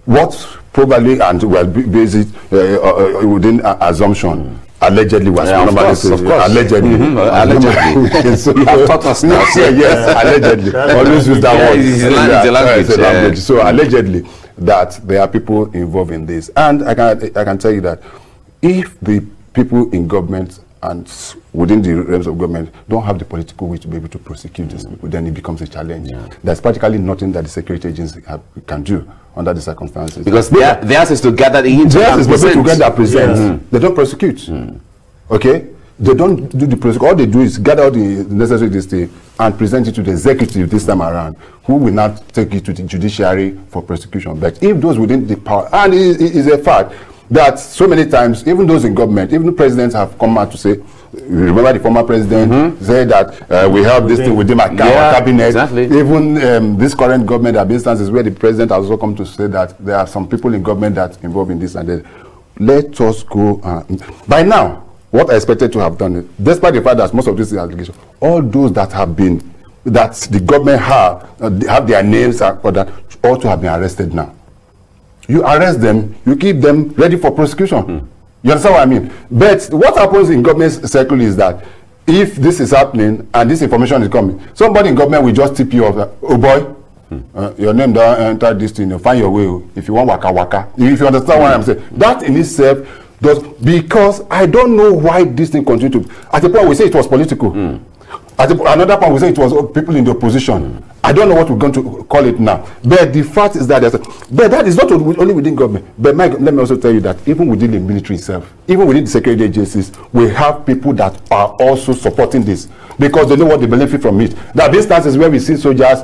What probably, and well are based uh, uh, within assumption, mm allegedly was yeah, normally course, of course. allegedly mm -hmm. allegedly so, you have taught us now so. yes allegedly always use that word language, so allegedly that there are people involved in this and i can i can tell you that if the people in government and within the realms of government don't have the political will to be able to prosecute this, then it becomes a challenge. Yeah. There's practically nothing that the security agency have, can do under the circumstances. Because their, theirs is to gather the intel Theirs is to gather present. Yes. Mm. They don't prosecute. Mm. Okay? They don't do the prosecution. All they do is gather all the necessary data and present it to the executive this time around, who will not take it to the judiciary for prosecution. But if those within the power, and it is a fact, that so many times, even those in government, even presidents have come out to say, remember the former president mm -hmm. said that uh, we have this thing within my yeah, cabinet. Exactly. Even um, this current government, there are is where the president has also come to say that there are some people in government that involved in this and that. Let us go. by now, what I expected to have done, despite the fact that most of this is allegation, all those that have been, that the government have, uh, have their names or that, ought to have been arrested now. you arrest them, you keep them ready for prosecution. Mm. You understand what I mean? But what happens in government circle is that if this is happening and this information is coming, somebody in government will just tip you off. Like, oh boy, hmm. uh, your name don enter this thing. You find your way oh, if you want waka waka. If you understand hmm. what I'm hmm. saying, that in itself does because I don't know why this thing continue to. At the point we say it was political. Hmm at the, another point we say it was people in the opposition. Mm. I don't know what we're going to call it now. But the fact is that a, but that is not only within government. But Mike, let me also tell you that even within the military itself, even within the security agencies, we have people that are also supporting this because they know what they benefit from it. That this is where we see soldiers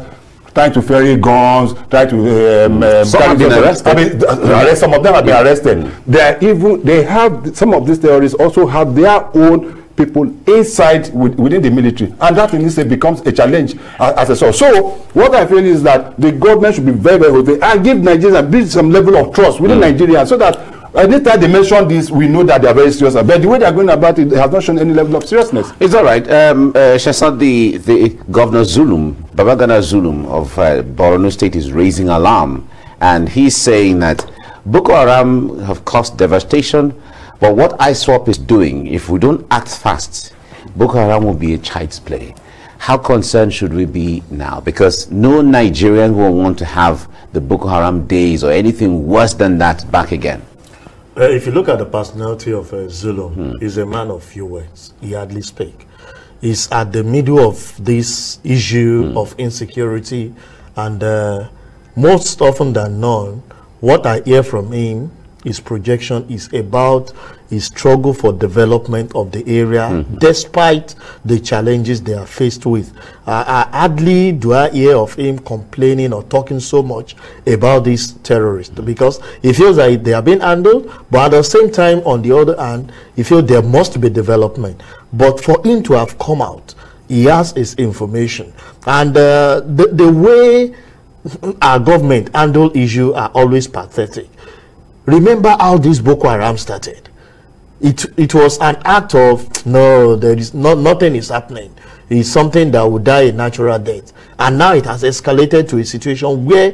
trying to ferry guns, trying to um, mm. um, some have been arrested. I mean, uh, arrest, some of them have been yeah. Mm. arrested. They even they have some of these terrorists also have their own people inside with, within the military and that in itself becomes a challenge as, as a source so what i feel is that the government should be very very open and give Nigeria build some level of trust within mm. nigeria so that anytime they mention this we know that they are very serious but the way they are going about it they have not shown any level of seriousness it's all right um uh, Shasad, the the governor zulum babagana zulum of uh, borno state is raising alarm and he's saying that boko haram have caused devastation but what ISWAP is doing, if we don't act fast, Boko Haram will be a child's play. How concerned should we be now? Because no Nigerian will want to have the Boko Haram days or anything worse than that back again. Uh, if you look at the personality of uh, Zulu, hmm. he's a man of few words. He hardly speaks. He's at the middle of this issue hmm. of insecurity and uh, most often than not, what I hear from him his projection is about his struggle for development of the area mm -hmm. despite the challenges they are faced with. Uh, I hardly do I hear of him complaining or talking so much about these terrorists mm -hmm. because he feels like they are being handled, but at the same time, on the other hand, he feels there must be development. But for him to have come out, he has his information. And uh, the, the way our government handle issue are always pathetic. Remember how this Boko Haram started. It, it was an act of, no, there is not, nothing is happening. It's something that will die a natural death. And now it has escalated to a situation where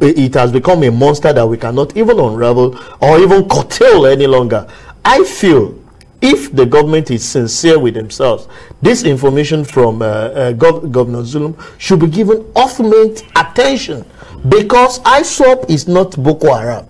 it has become a monster that we cannot even unravel or even curtail any longer. I feel if the government is sincere with themselves, this information from uh, uh, Gov Governor Zulum should be given ultimate attention because ISOP is not Boko Haram.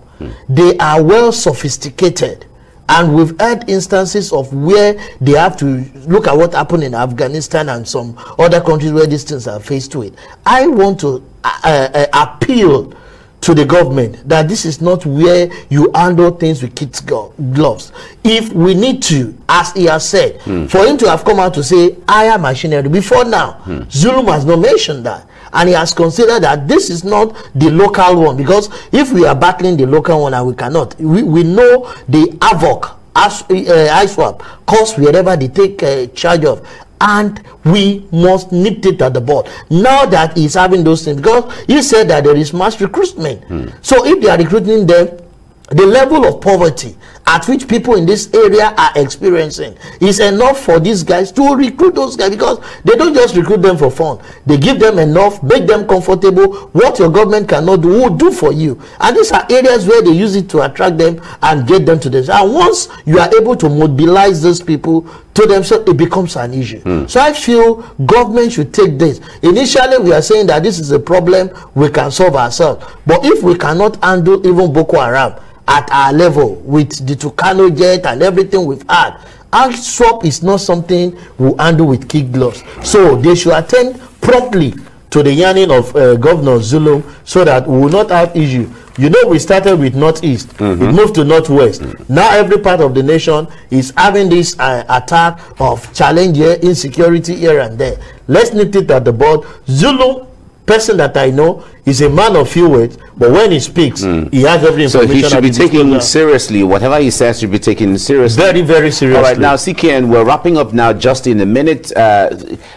They are well sophisticated. And we've had instances of where they have to look at what happened in Afghanistan and some other countries where these things are faced with. I want to uh, uh, appeal to the government that this is not where you handle things with kids gloves. If we need to, as he has said, mm. for him to have come out to say, I am machinery before now, mm. Zulu has not mentioned that and he has considered that this is not the local one because if we are battling the local one and we cannot, we, we know the havoc as uh, eh, eh, swap cause wherever they take uh, charge of and we must nip it at the bud. Now that he's having those things, because he said that there is mass recruitment. Mm. So if they are recruiting them, the level of poverty, at which people in this area are experiencing is enough for these guys to recruit those guys because they don't just recruit them for fun. They give them enough, make them comfortable. What your government cannot do will do for you. And these are areas where they use it to attract them and get them to this. And once you are able to mobilize those people to themselves, it becomes an issue. Mm. So I feel government should take this. Initially, we are saying that this is a problem we can solve ourselves. But if we cannot handle even Boko Haram, at our level with the Tucano jet and everything we've had. Hand swap is not something we we'll handle with kick gloves. So they should attend promptly to the yearning of uh, Governor Zulum so that we will not have issue. You know, we started with Northeast, mm -hmm. we moved to Northwest. Mm -hmm. Now, every part of the nation is having this uh, attack of challenge here, insecurity here and there. Let's nip it at the board. Zulum person that I know is a man of few words, but when he speaks, mm. he has every information. So he should be taken seriously. Whatever he says should be taken seriously. Very, very seriously. All right, now, CKN, we're wrapping up now just in a minute. Uh,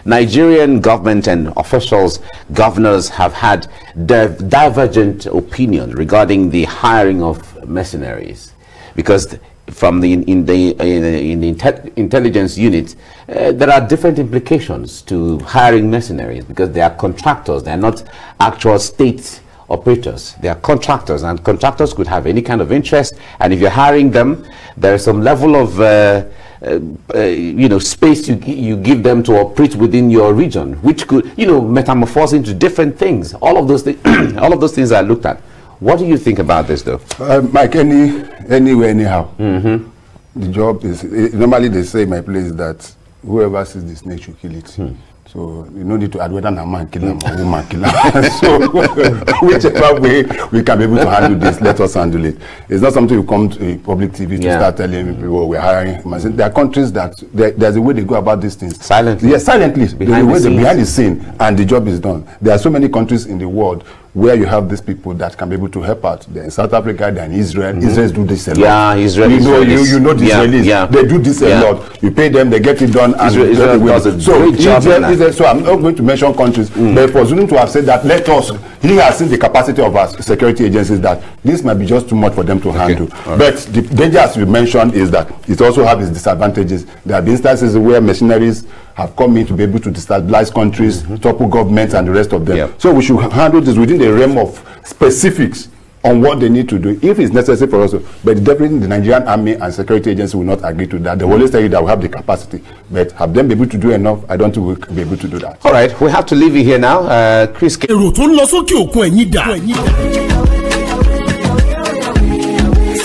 Nigerian government and officials, governors, have had div divergent opinions regarding the hiring of mercenaries because from the in the in the, inte intelligence unit, uh, there are different implications to hiring mercenaries because they are contractors. They are not actual state operators. They are contractors, and contractors could have any kind of interest. And if you're hiring them, there is some level of uh, uh, uh, you know, space you, you give them to operate within your region, which could, you know, metamorphose into different things. All of those, thi all of those things are looked at. What do you think about this, though? Uh, Mike, any, anywhere, anyhow. Mm -hmm. The job is, normally they say in my place that whoever sees the snake should kill it. Hmm. So you no need to add whether a man kill am or woman kill so whichever way we can be able to handle this, let us handle it. It's not something you come to public TV to yeah. start telling people oh, we're hiring. There are countries that there's a way they go about these things. Silently. Yes, yeah, silently. Behind the, the way the behind the scene and the job is done. There are so many countries in the world where you have these people that can be able to help out. in South Africa, then Israel. Mm-hmm. Israel do this a lot. Yeah, Israel. You know, Israelis. you, you know the yeah, Israelis. Yeah. They do this yeah. a lot. You pay them, they get it done. Israel, and Israel does a so great Israel, job Israel, So I'm not going to mention countries, mm. but presuming to have said that, let us. He has seen the capacity of our security agencies that this might be just too much for them to okay. handle. Right. But the danger, as you mentioned, is that it also has its disadvantages. There are instances where machineries have come in to be able to destabilize countries, mm -hmm. topple governments, and the rest of them. Yep. So we should handle this within the realm of specifics on what they need to do if it's necessary for us to but definitely the nigerian army and security agency will not agree to that they will always tell you that we have the capacity but have them be able to do enough i don't think we'll be able to do that all right we have to leave you here now uh chris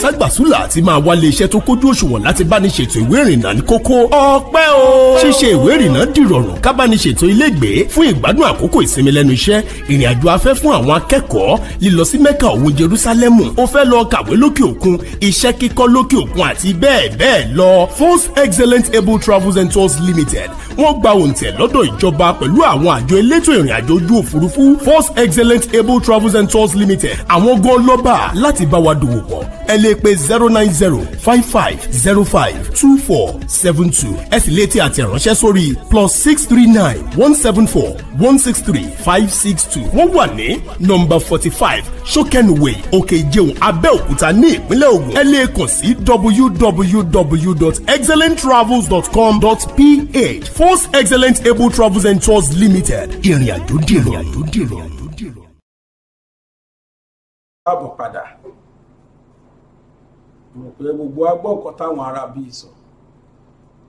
ságbàsúlà àti máa wálé iṣẹ́ tó kójú òṣùwọ̀n láti báni ṣètò ìwé ìrìnnà ní kókó. ọpẹ́ o ṣíṣe ìwé ìrìnnà dìrọ̀rùn ká báni ṣètò ilégbèé fún ìgbádùn àkókò ìsinmi lẹ́nu iṣẹ́ ìrìn àjò afẹ́ fún àwọn akẹ́kọ̀ọ́ lílọ sí mẹ́kà òun jerúsálẹ́mù ó fẹ́ lọ kàwé lókè òkun iṣẹ́ kíkọ́ lókè òkun àti bẹ́ẹ̀ bẹ́ẹ̀ lọ. Force Excellent Able Travels and Tours Limited wọ́n gba òǹtẹ̀ lọ́dọ̀ ìjọba pẹ̀lú àwọn àjọ elétò ìrìn àjò ojú òfurufú Force Excellent Able Travels and Tours Limited àwọn gan lọ́ba láti bá wa dòwò pọ̀ ẹ lè lè zero nine zero five five zero five two four seven two ẹ sì lè ti àtẹ̀ránṣẹ́ sórí plus six three nine one seven four one six three five six two. wọ́n wà ní nọ́mbà forty five sọkẹ́nuwé òkè ìjẹun abẹ́òkúta ní ìpínlẹ̀ Ògùn ẹ lè kàn sí www.excellenttravels.com.ph force excellent able travels and tours limited ìrìn àjò dìrò. káàbọ̀ padà mo pé gbogbo agbọ́ǹkan táwọn ará bíi sọ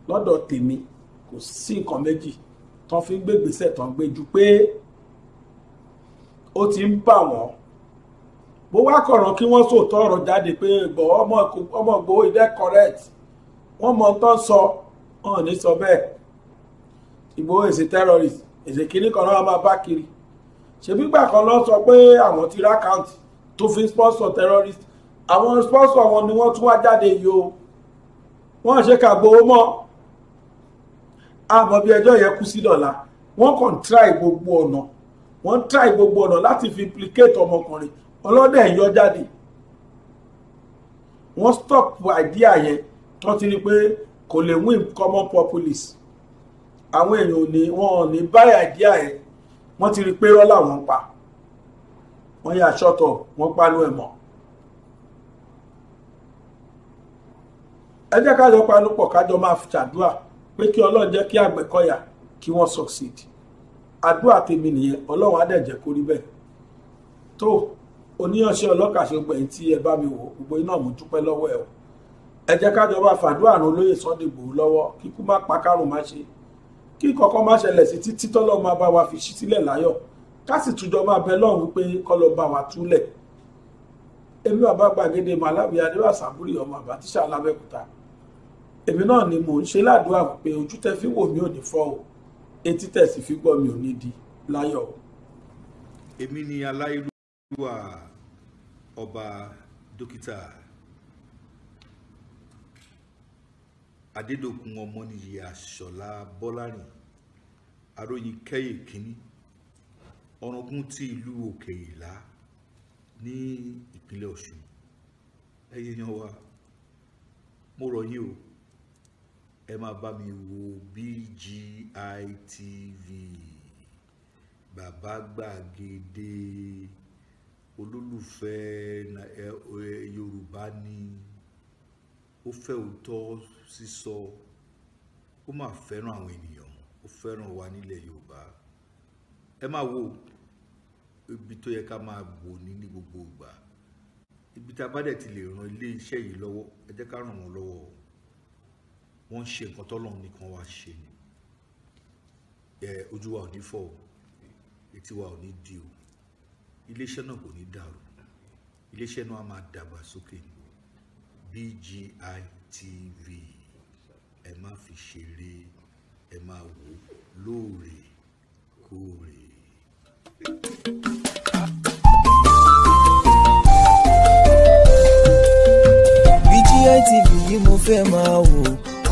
lọ́dọ̀ tèmi kò sí nǹkan méjì tán fi gbé gbèsè tán gbé ju pé ó ti ń bà wọ́n bó wá kọ̀ràn kí wọ́n sòótọ́ ọ̀rọ̀ jáde pé bọ̀ ọmọ Ìgbòho ìdẹ́ correct wọ́n mọ tán sọ wọn ò ní sọ bẹ́ẹ̀ Ìgbòho èsì terrorist èsì kìíní kan náà máa bá kiri ṣèbí gbà kan lọ sọ pé àwọn ti rí àkáǹtì tó fi sponsor terrorist àwọn sponsor wọn ni wọ́n tún wá jáde yìí o wọ́n ṣe kàgbó mọ́ àmọ́ bí ẹjọ́ yẹn kú sí lọ́la wọ́n kàn try gbogbo ọ̀nà wọ́n try gbogbo ọ̀nà láti fi implicate ọmọkùnrin ọlọ́dẹ yọ jáde wọ́n stop idea yẹn tó ti rí pé kò lè win common populace àwọn èèyàn ò ní wọn ò ní buy idea yẹn wọ́n ti rí pé rọ́lá wọn pa wọ́n yà ṣọ́tọ̀ wọ́n pariwo ẹ̀ mọ́. ẹ jẹ́ ká jọ panupọ̀ ká jọ máa ṣàdúrà pé kí ọlọ́run jẹ́ kí àgbẹ̀kọ̀yà kí wọ́n succeed àdúrà tèmi nìyẹn ọlọ́run á dẹ̀ jẹ́ kó rí bẹ́ẹ̀ tó oníyanṣẹ́ ọlọ́kàṣe gbẹ̀yìn tí ẹ bá mi wò gbogbo iná mú dúpẹ́ lọ́wọ́ ẹ o ẹ jẹ́ ká jọ máa fàdúrà àrùn olóyè Sunday Igboho lọ́wọ́ kíkú má pa kárùn má ṣe kí kọ̀ọ̀kan má ṣẹlẹ̀ sí títí tọ́lọ́ máa bá wa fi ṣí sílẹ̀ láyọ̀ ká sì tún jọ máa bẹ lọ́run wípé kọ́ lọ bá wa túlẹ̀ èmi bàbá gbàgede màláwìá níwàsàbúrì ọmọ àbátíṣà làbẹ́kúta èmi náà ni mò ń ṣe ládùúgbà pé ojú tẹ́ fi wò mí ò ní fọ́ o etí tẹ́ sì fi gbọ́ mi ò ní di láyọ̀ o. èmi ni aláìlúwà ọba dókítà adédọ̀kun ọmọnìyí àṣọlá bọ́lárìn aróyin kẹ́yè kínní ọ̀rọ̀gún ti ìlú òkè ìlá ní ìpínlẹ̀ ọ̀ṣun ẹ̀yẹ́yàn wa mo rọ̀ yín o ẹ máa bá mi wo BGI TV bàbá gbàgede olólùfẹ́ Yorùbá ni ó fẹ́ òótọ́ sísọ ó máa fẹ́ràn àwọn ènìyàn ó fẹ́ràn wa nílẹ̀ Yorùbá ẹ máa wo ibi tó yẹ ká máa wò ní ní gbogbo ìgbà ibi tá a bá dẹ̀ ti lè ran ilé yìí lọ́wọ́ ẹ jẹ́ ká ràn wọ́n lọ́wọ́ o wọ́n ń ṣe nǹkan tọ́lọ́run nìkan wá ṣe ni ojú wa ò ní fọ́ o etí wa ò ní di o iléeṣẹ́ náà kò ní dàrú iléeṣẹ́ náà á máa dàgbà sókè BGI TV ẹ má fi ṣeré ẹ máa wò ó lóòrèkóòrè. BGI TV yìí mo fẹ́ máa wò ó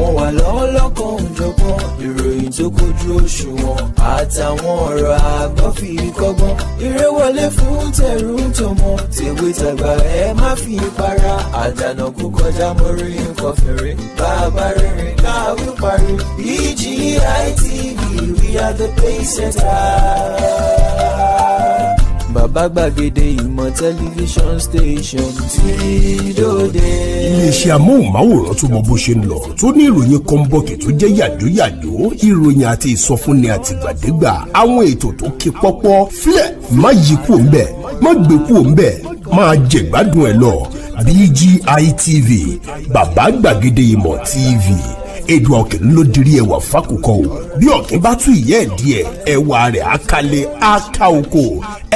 wọ́n wà lọ́wọ́ lọ́kàn òjọ̀gbọ́n ìròyìn tó kojú òṣùwọ̀n àtàwọn ọ̀rọ̀ àgbọ́ kọ́gbọ́n eré wọlé fún tẹ̀rù tọmọ tèwe tàgbà ẹ má fi para àdànà kú kọjá mọ́rí nǹkan fèrè bàbá rere káwí parí BGI we are the pace setters bàbá gbàgede ìmọ̀ tẹlifíṣọ̀n station ti dòde. iléeṣẹ́ amóhùnmáwòrán tó mọ bó ṣe ń lọ tó ní ìròyìn kọ́ńbọ̀kì tó jẹ́ yàjóyàjó ìròyìn àti ìsọfúnni àtìgbàdégbà àwọn ètò tó ké pọ́pọ́ filẹ̀ má yí kúò ń bẹ̀ má gbé kúò ń bẹ̀ jẹ̀gbádùn ẹ̀ lọ BGI bàbá gbàgede ìmọ̀ TV èdùn ọ̀kìn ló dirí ẹwà fákòkò o bí ọ̀kìn bá tú ìyẹ́ ẹ̀ díẹ̀ ẹwà rẹ̀ á kalẹ̀ oko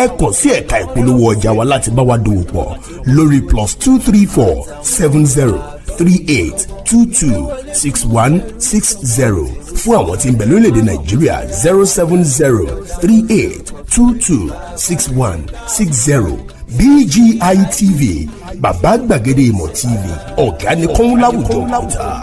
ẹ kàn sí ẹ̀ka ìpolówó ọjà wa láti bá wa dòwò pọ̀ lórí plus two three four seven zero three eight two two six one six zero fún àwọn tí ń bẹ lórílẹ̀‐èdè nàìjíríà zero seven zero three eight two two six one six zero BGI TV bàbá gbàgede ìmọ̀ TV ọ̀gá ni kọ́ńláwùjọ kùtà